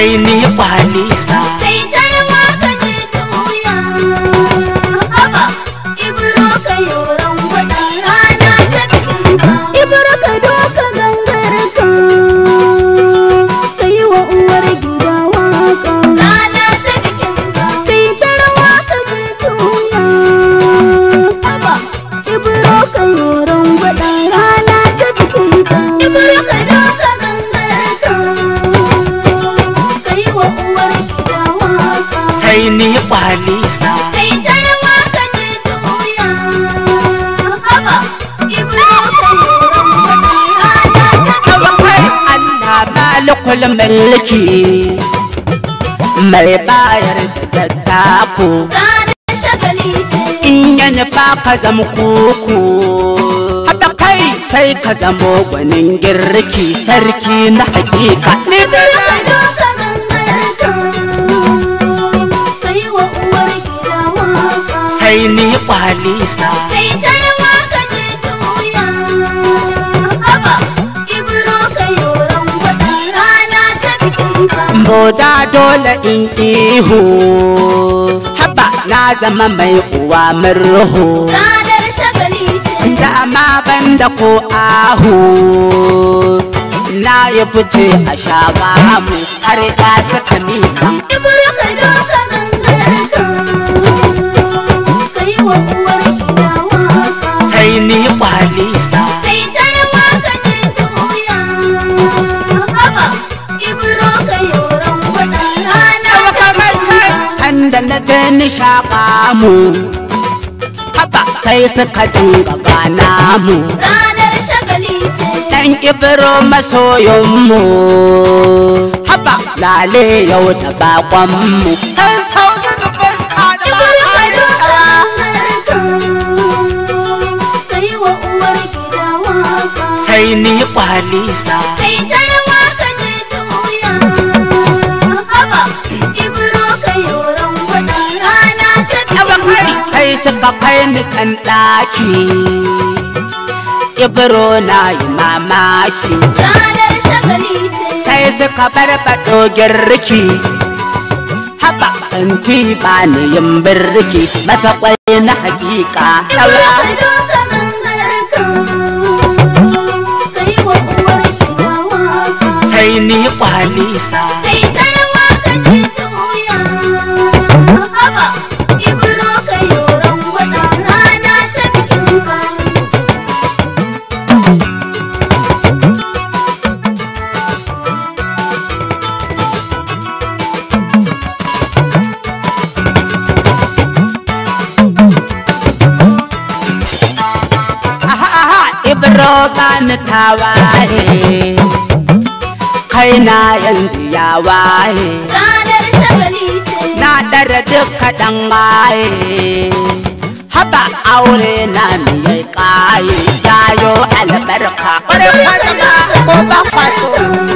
kai ni sa Alisa. Kai tarama ka ce mai bayar da tako. shagali In yana ba ka zama koko. kai sai ka zamo gwanin girki sarki na hakika. kai ni kwalisa kai wata rana ta ba boda dole in ihu haba na zama mai uwa murhu ranar shagali ce dama banda ko ahu na yi fice a shaga mu har ya saka mi kan ibro doka da na je ni shaƙa mu haba sai suka dinga gana mu ranar shagali ce dan ibro masoyin mu haba lale yau da bakon mu sai ni kwalisa kai kai suka kai ni can ɗaki ibro na yi mamaki ranar shagali ce sai suka barbaɗo girki haba santi ba ni yin birki mata kwai na hakika ɗaura sai ni kwalisa roƙa ni ta waye kai na yanzu ya waye ranar shagali na dara duka dan waye haba aure na mi ya ƙaye yayo albarka ƙwarfa ko ba kwato